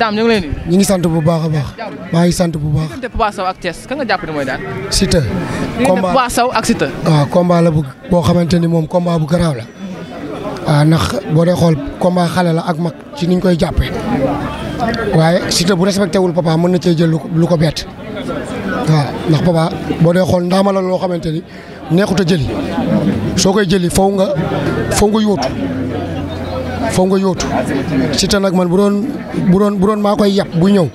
daam ñu ngi sant bu baax a baax. maa ngi sant bu baax. diggante Papa ak Thiès kan nga jàpp ne mooy daan. Siteu. combat Papa Sow ak la bu boo xamante ni moom combat bu garaaw la. waaw ah, ndax boo dee xool combat xale la ak mag ci niñ koy jàppee. waaye Siteu bu respecté wul Papa mën na cee jël lu ko bett. waaw ndax Papa boo dee xool ma la loo xamante ni neexut a jëli soo koy jëli foo nga foo nga yóotu. foog nga yóotu Siteu nag man bu doon bu doon bu doon maa koy yàpp bu ñëw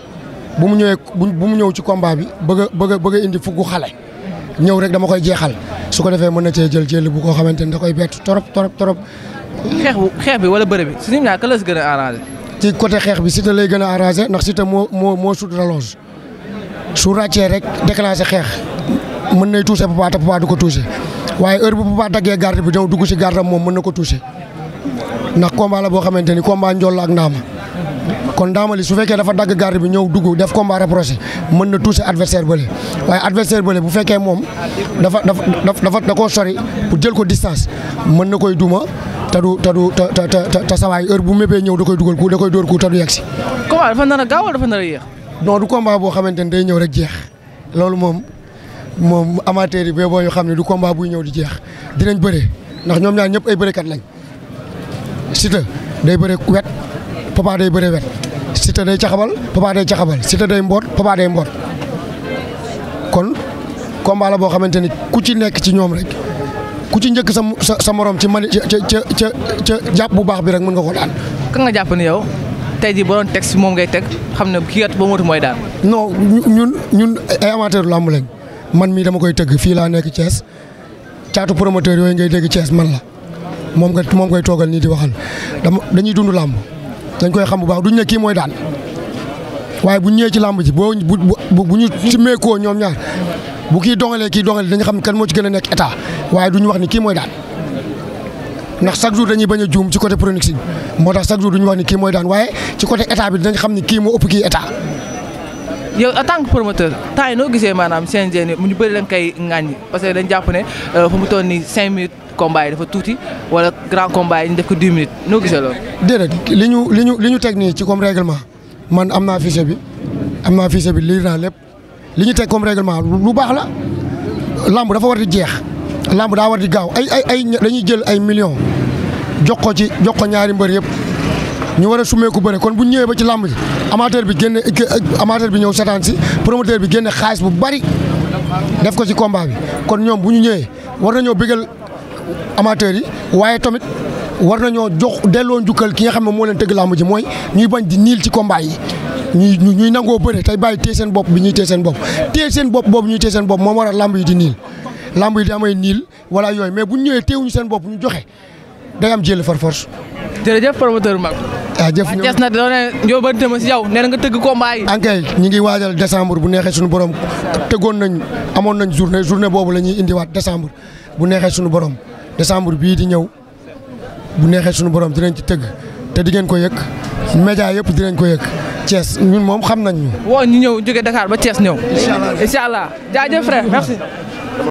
bu mu ñëwee bu mu ñëw ci combat bi bëgg a bëgg bëgg indi fukk xale ñëw rek dama koy jeexal su ko defee mën na cee jël jël bu ko xamante ni da koy bett torop torop torop. xeex bi wala bëre bi suñu ñaar la gën a côté xeex bi Siteu lay gën a arrangé ndax sita moo moo moo sut rallonge su ràccee rek déclenché xeex mën nay touché Papa te Papa du ko touché waaye heure bu Papa daggee garde bi daw dugg si gardam moom mën na ko touché. ndax combat la boo xamante ni combat njool la ak ndaama kon ndaama su fekkee dafa dagg garde bi ñëw dugg def combat rapproché mën na toucher adversaire bële waaye adversaire bële bu fekkee moom dafa dafa dafa da koo sori pour jël ko distance mën na koy duma te du te du te te te sawaay heure bu mébee ñëw da koy dugal ku da koy dóor ku te du si. combat dafa nar a gaaw wala nar a yéex. non du combat boo xamante ni day ñëw rek jeex loolu moom moom amateur yi bee boo xam ne du combat buy ñëw di jeex dinañ bëre ndax ñoom ñaar ñëpp ay bërekat lañ. Siteu day bëre wet Papa day bëre wet Siteu day caxabal Papa day ca caxabal sita day mboot Papa day mboot kon combat boo xamante ni ku ci nekk ci ñoom rek ku ci njëkk sa sa sa morom ci mani ca ca ca ca jàpp bu baax bi rek mën nga ko daan. kan nga jàpp ni yow tey jii ba doon teg si moom ngay teg xam ne kii at ba motu mooy daan. non ñun ñun ay amateur lamb man mii dama koy tëgg fii laa nekk Thiès caatu promoteur yooyu ngay dégg cees man la moom nga moom ngay toogal nii di waxal dama dañuy dund làmb dañ koy xam bu baax duñ ne kii mooy daan waaye bu ñëwee ci làmb ji boo bu bu bu ñu simmeekoo ñoom ñaar bu kii dongalee kii dongalee dañu xam kan moo ci gën a nekk état waaye duñu wax ni kii mooy daan ndax chaque jour dañuy bañ a juum ci côté production moo tax chaque jour ñu wax ni kii mooy daan waaye ci côté état bi dinañ xam ni kii moo ëpp kii état. yow en tant que promoteur temps yi noo gisee maanaam CNG ni mu ñu bëri lañ koy ŋàññi parce que dañ jàpp ne euh, fu mu toll nii cinq minutes combat dafa tuuti wala grand combat yi ñu def ko dix minutes noo gisee loolu. déedéet li ñu li ñu li ñu teg nii ci comme règlement man am naa fichier bi am naa fichier bi lii naa lépp li ñu teg comme règlement lu baax la lamb dafa war di jeex lamb daa war di gaaw ay ay ay dañuy jël ay millions jox ko ci jox ko ñaari mbër yëpp. ñu war a sumeeku bëre kon bu ñëwee ba ci làmb ji amateur bi génne amateur bi ñëw setaan si promoteur bi génne xaalis bu bari def ko ci combat bi kon ñoom bu ñu ñëwee war nañoo bégal amateur yi waaye tamit war nañoo jox delloo njukkal ki nga xam ne moo leen tëgg làmb ji mooy ñuy bañ di niil ci combat yi ñuy ñuy nangoo bëre tey bàyyi téye seen bopp bi ñuy téye seen bopp téye seen bopp boobu ñuy téye seen bopp moom war a làmb yi di niil làmb yi di niil wala yooyu mais bu ñu ñëwee téewuñu seen bopp ñu joxe day am jël far force jërëjëf promoteur jaajëf ñoom des na doon yóbbante ma si yow nee nga tëgg combat yi. ankay ñu ngi waajal décembre bu neexee suñu borom tëggoon nañ amoon nañ journée journée boobu la ñuy indiwaat décembre bu neexee suñu borom décembre bii di ñëw bu neexee sunu borom dinañ ci tëgg te di ngeen ko yëg média yëpp dinañ ko yëg Thiès ñun moom xam nañ ñu. woo ñu ñëw jóge Dakar ba Thiès ñëw. incha allah incha